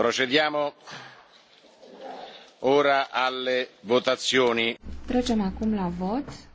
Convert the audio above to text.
procediamo ora alle votazioni. Trecem acum la vot.